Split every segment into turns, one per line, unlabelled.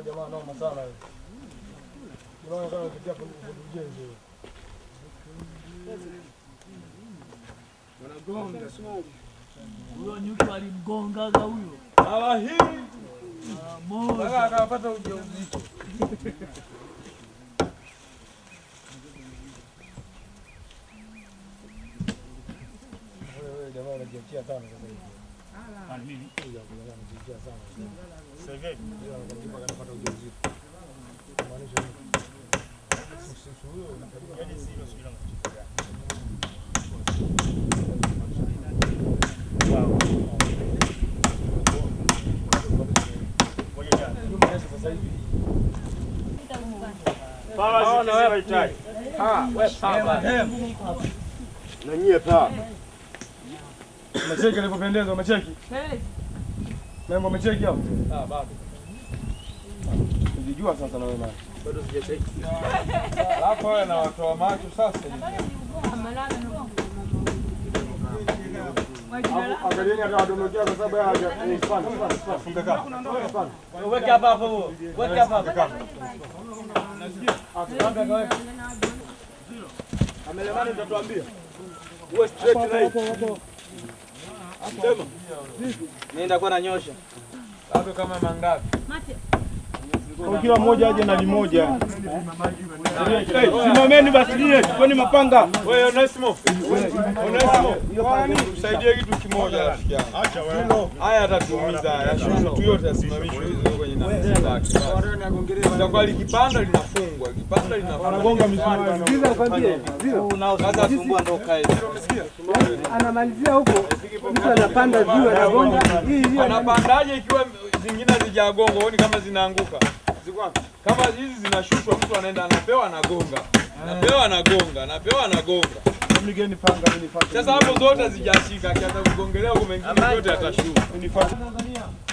hao jamaa noma sana. Unaona kama kupitia kwa ujenzi. Wanagonga. Huyo nyuki alimgongaga huyo. Hawa hii. Moja. Akapata ujauzito. Wewe jamaa unajiachia sana sasa hivi.
Pawa zikizia hitaji. Ah, wewe é, pawa. É, é, Não é, tá? Umecheki alivyopendeza, umecheki? Mambo umecheki hapo? Ah, bado. Unajijua sasa na wewe. Bado sijacheki. Hapo wewe na watu wa macho sasa. Angalieni hata wadondokea hapa hapo. Weka hapa. Nasikia. Amelemani
utatuambia. Uwe straight right. Nitakuwa nanyosha
bado kama mangapi?
Kila mmoja aje na limoja.
Simameni basi nyie, chukeni mapanga.
Wewe Onesimo. Onesimo. Tusaidie kitu kimoja rafiki yangu. Acha wewe. Haya atatuumiza haya. Shughuli yote asimamishwe litakuwa likipanda linafungwa, likipanda
anamalizia huko, mtu anapanda juu, anagonga.
Anapandaje ikiwa zingine hazijagonga? Huoni kama zinaanguka? Kama hizi zinashushwa, mtu anaenda anapewa, anagonga, anapewa, anagonga, anapewa, anagonga. Sasa hapo zote zijashika akianza kugongelea huko mengine yote atashuka.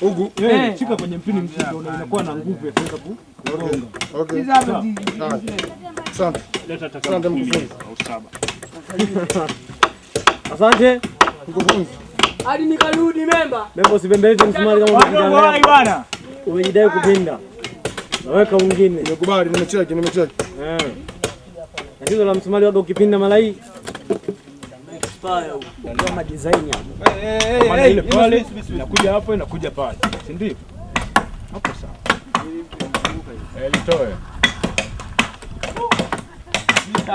Huku shika eh, eh. kwenye mpini mshike, unakuwa na nguvu ya kuweza kuronga. Asante mkufunzi.
Hadi nikarudi memba.
Memba usipembeleze msumari kama unajidai kupinda. Naweka mwingine.
Nimekubali, nimecheki, nimecheki. Eh.
Tatizo la msumari wako ukipinda mara hii.
Kama design hapo.
Eh, inakuja hapo inakuja pale. Si ndio? Hapo sawa. Eh, litoe.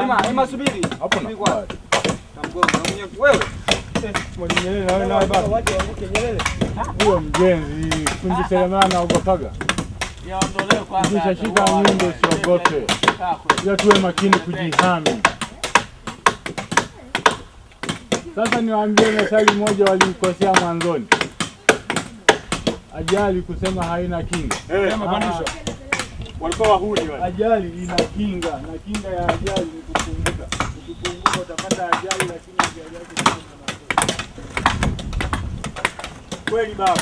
Ema, ema subiri.
Hapo na.
Mwalimu eh, Nyerere na wewe na baba. Huyo mjenzi, fundi ah, ah, ah. seremala na ugopaga. Zitashika nyundo, siogope, ila tuwe makini kujihami. Sasa niwaambie methali moja waliikosea mwanzoni, ajali kusema haina kinga. Hey, walikuwa wahuni wale. Ajali ina kinga na kinga ya ajali ni kupunguka. Ukipunguka utapata ajali, lakini ajali yake
kweli baba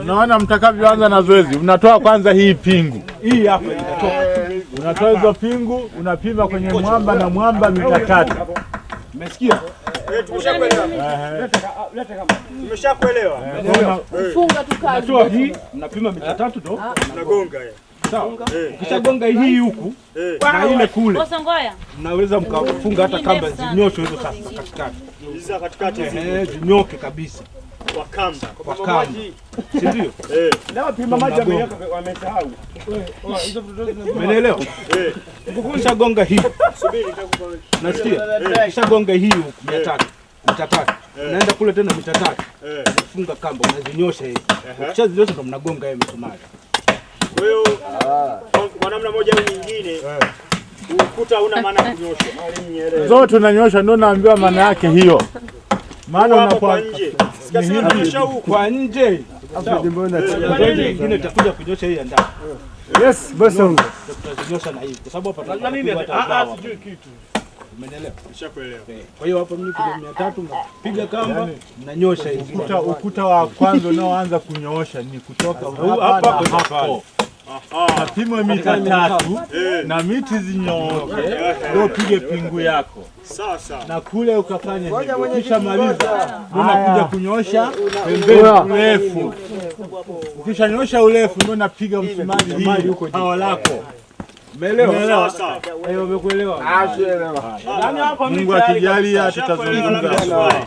Unaona mtakavyoanza na zoezi, unatoa kwanza hii pingu
hii hapa inatoka,
unatoa hizo pingu, unapima kwenye mwamba na mwamba mita tatu.
Umesikia? Umeshakuelewa? hii, mnapima mita tatu ndo mnagonga ah. eh. eh. hii huku eh. na ile kule, mnaweza mkafunga hata kamba zinyoshe hizo sasa katikati, zinyoke kabisa. Wakamba. Wakamba. Si ndio? Eh. Na wapima maji ameweka wamesahau. Hizo vitu ndio umeelewa? Eh. Ukukisha gonga hii. Subiri nitakupa. Nasikia? Kisha eh. gonga hii mia eh. tatu. Mita tatu. Unaenda eh. kule tena mita tatu. Unafunga kamba unazinyosha hizi. Ukishazinyosha ndo mnagonga hiyo misumari. Ah. Kwa hiyo kwa namna moja au nyingine ukuta una maana kunyosha.
Zote tunanyosha ndio naambiwa maana yake hiyo maana kwa nje
kwa nje nyingine itakuja kunyosha hii ya ndani.
Yes, basi tutazinyosha
na hii kwa sababu hapa nini, ah, ah, sijui kitu. Umeelewa? Nishakuelewa. Eh, kwa hiyo hapa mimi kuna mia tatu mnapiga kamba na yaani, nyosha
mnanyosha. Ukuta wa kwanza unaoanza kunyoosha ni kutoka hapa hapa. Apimwe ah, mita tatu na miti zinyooke ndio upige pingu yako sasa, na kule ukafanya hivyo. Ukishamaliza unakuja kunyosha pembeni urefu. Ukishanyoosha urefu ndio napiga msumari hii hawa lako. Ah, Mungu akijalia tutazungumza.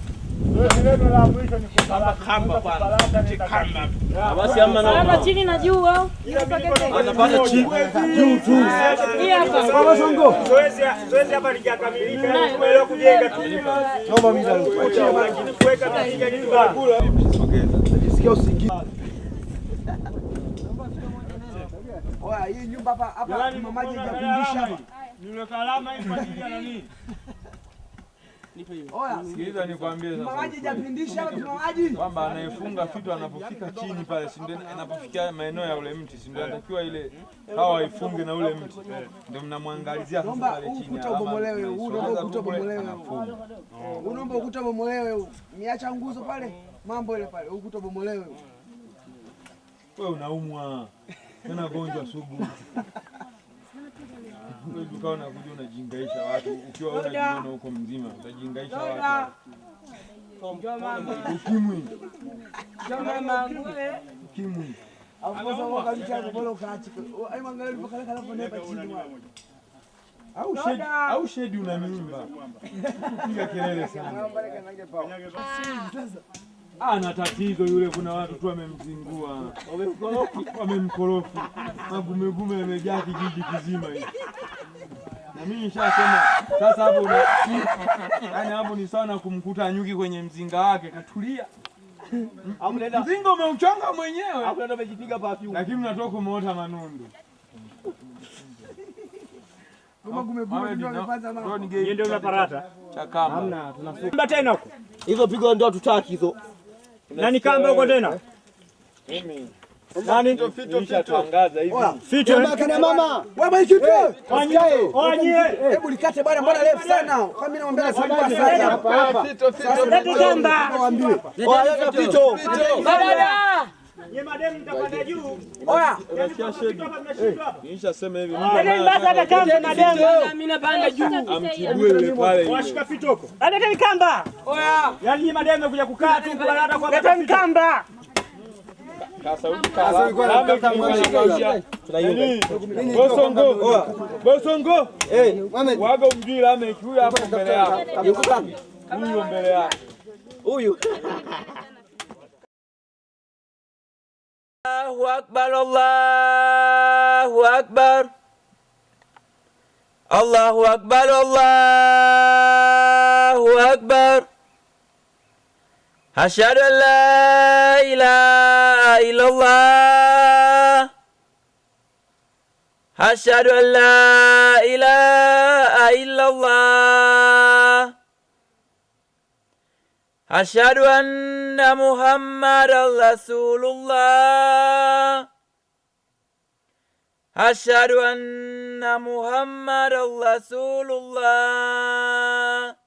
chini na juu au
hii nyumba hapa hapa mamaji hajafundisha.
Ni kalama hii kwa ajili ya nini?
Sikiliza nikwambie sasa,
kwamba anayefunga fito anapofika chini pale, si ndio? Anapofikia maeneo ya ule mti, si ndio? Anatakiwa ile hawa waifunge na ule mti, ndio mnamwangalizia
chini. Unaomba ukuta bomolewe, miacha nguzo pale, mambo ile pale, ukuta bomolewe.
Wewe unaumwa tena, gonjwa sugu Huwezi ukawa unakuja unajiingaisha watu ukiwa unajiona huko mzima, utajiingaisha watu. Ukimwi. Ukimwi. Au shedi una mimba kupiga kelele sana. Ah, ana tatizo yule, kuna watu tu wamemzingua, wamemkorofi, magumegume yamejaa kijiji kizima hivi na mimi nishasema sasa. Hapo yaani, hapo ni sana kumkuta nyuki kwenye mzinga wake, katulia. Mzinga umeuchonga mwenyewe, lakini mnatoka kumeota manundu.
Hizo pigo ndio tutaki hizo, na nikamba huko tena mimi nani ndo fito fito hivi. Fito eh? mama. Wewe Wanyaye. Wanyaye. Hebu likate bwana mbona refu sana. Kwa mimi naomba sana. Hapa hapa. Fito fito. Ndio tamba. Waambie. Oya fito. fito kamba.
Bosongo, Bosongo, waga mjira meki huyu hapo mbele yako,
huyu mbele yako, huyu
Allahu Akbar, Allahu Akbar, Allahu Akbar, Allahu Akbar. Haşer la ilahe illallah. Haşer la ilahe illallah. Haşer enne Muhammeden Resulullah. Haşer enne Muhammeden Resulullah.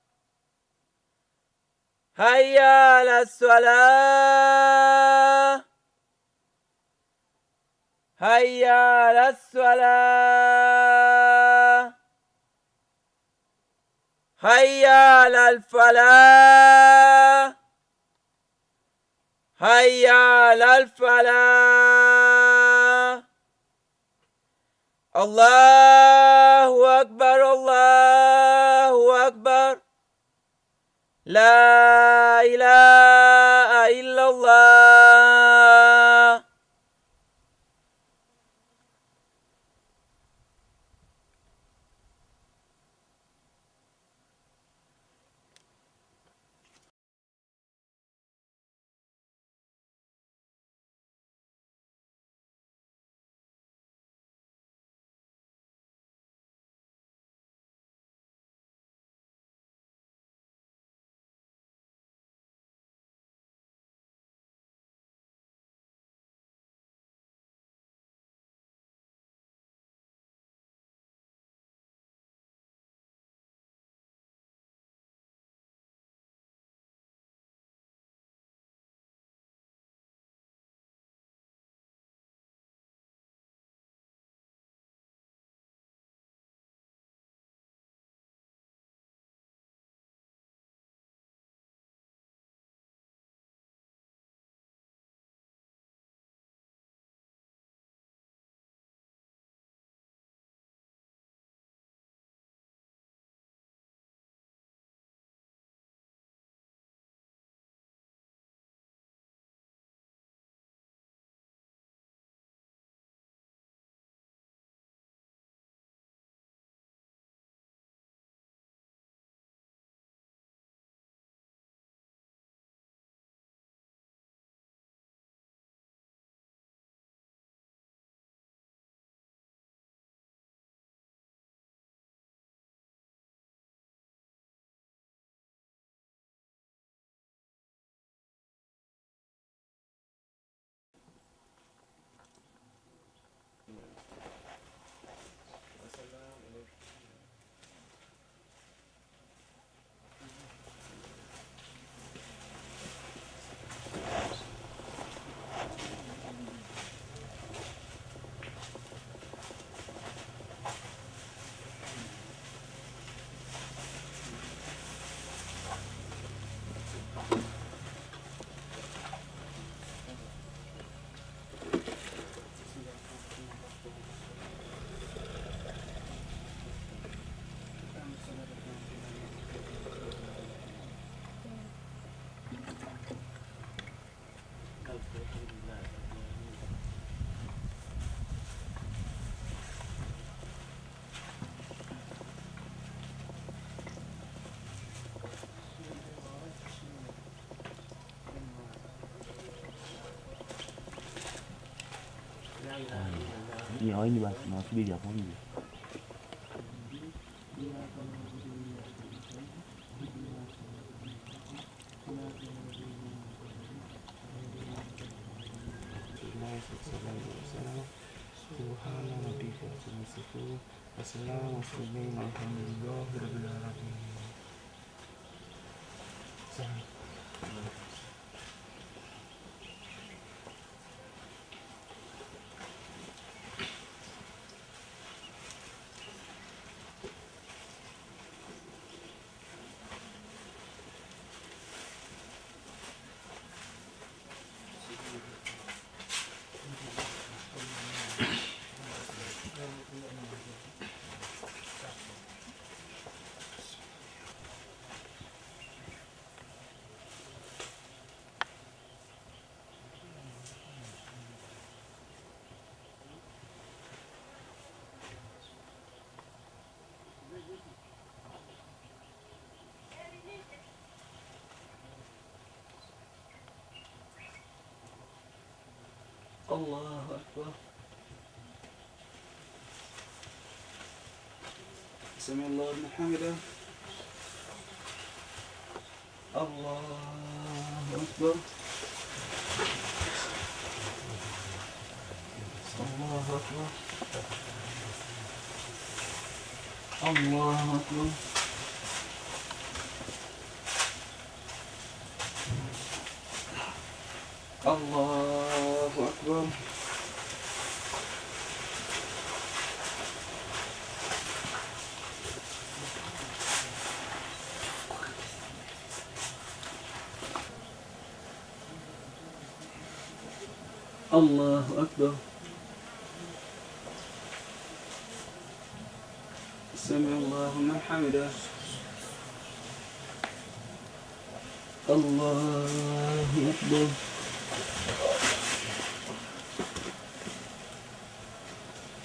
هيا على الصلاة هيا على الصلاة هيا على الفلاح هيا على الفلاح الله أكبر الله لا إله
na basi, nawasubiri hapo nje.
الله أكبر سمع الله بن حمده الله أكبر الله أكبر الله أكبر الله بوم الله أكبر سمع الله من حمده الله أكبر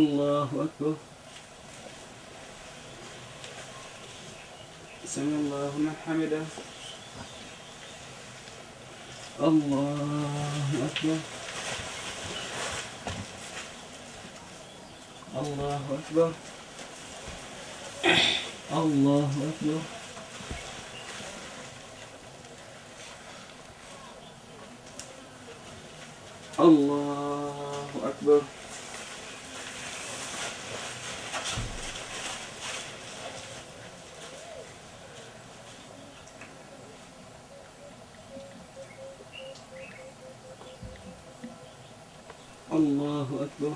Allahu Akbar. Semallahu men hamide. Allahu Akbar. Allahu Akbar. Allahu Akbar. Allahu Ekber. أكبر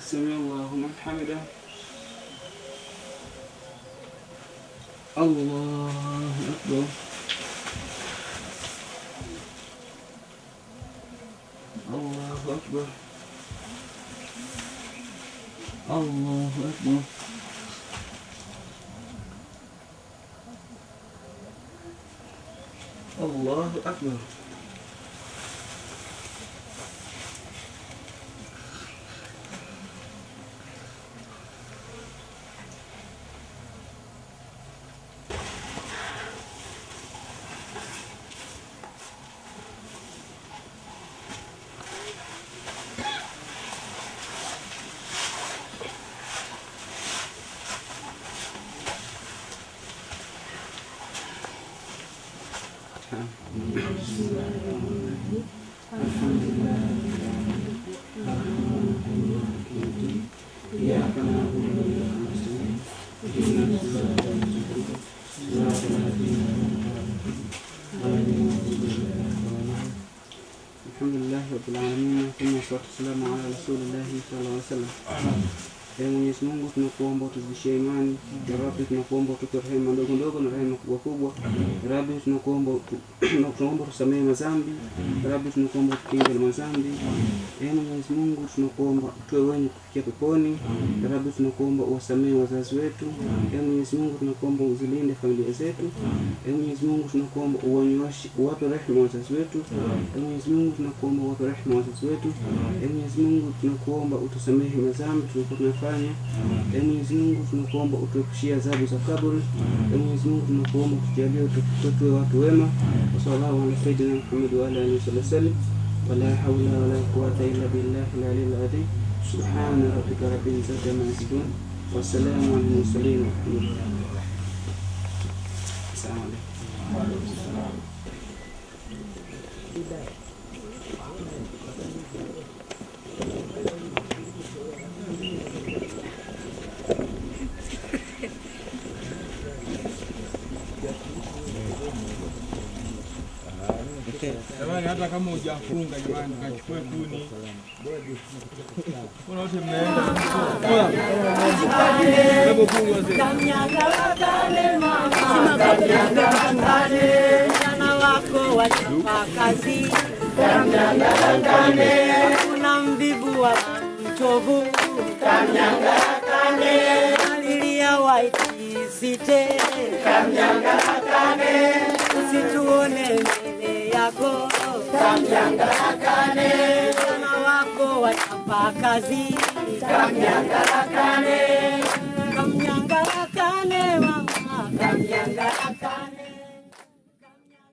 سمع الله من حمده الله أكبر الله أكبر الله أكبر الله أكبر
tunakuomba utuzidishie imani. Rabbi tunakuomba utupe rehema ndogo ndogo na rehema kubwa kubwa. Rabbi tunakuomba tunakuomba tusamehe mazambi Rabbi tunakuomba tukinge na mazambi. Ee Mwenyezi Mungu tunakuomba tuwe wenye kufikia peponi. Rabbi tunakuomba uwasamehe wazazi wetu. Ee Mwenyezi Mungu tunakuomba uzilinde familia zetu. Ee Mwenyezi Mungu tunakuomba uwanyoshe, uwape rehema wazazi wetu. Ee Mwenyezi Mungu tunakuomba uwape rehema wazazi wetu. Ee Mwenyezi Mungu tunakuomba utusamehe mazambi tunakuwa tunafanya. Ee Mwenyezi Mungu tunakuomba utuepushie adhabu za kaburi. Ee Mwenyezi Mungu tunakuomba utujalie tuwe watu wema. Sallallahu ala sayyidina Muhammad wa ala alihi wasallam. Wala hawla wala quwwata illa billahi al-aliyyil adhim. Subhana rabbika rabbil izzati amma yasifun. Wassalamu ala al-mursalin. Assalamu alaykum.
hata kama hujafunga jamani, kachukue kuni. Kuna wote mnaenda,
kuna mbibu wa mtovu alilia waikisite usituone mbele yako kamyangarakane, wako wachapa kazi kamyangarakane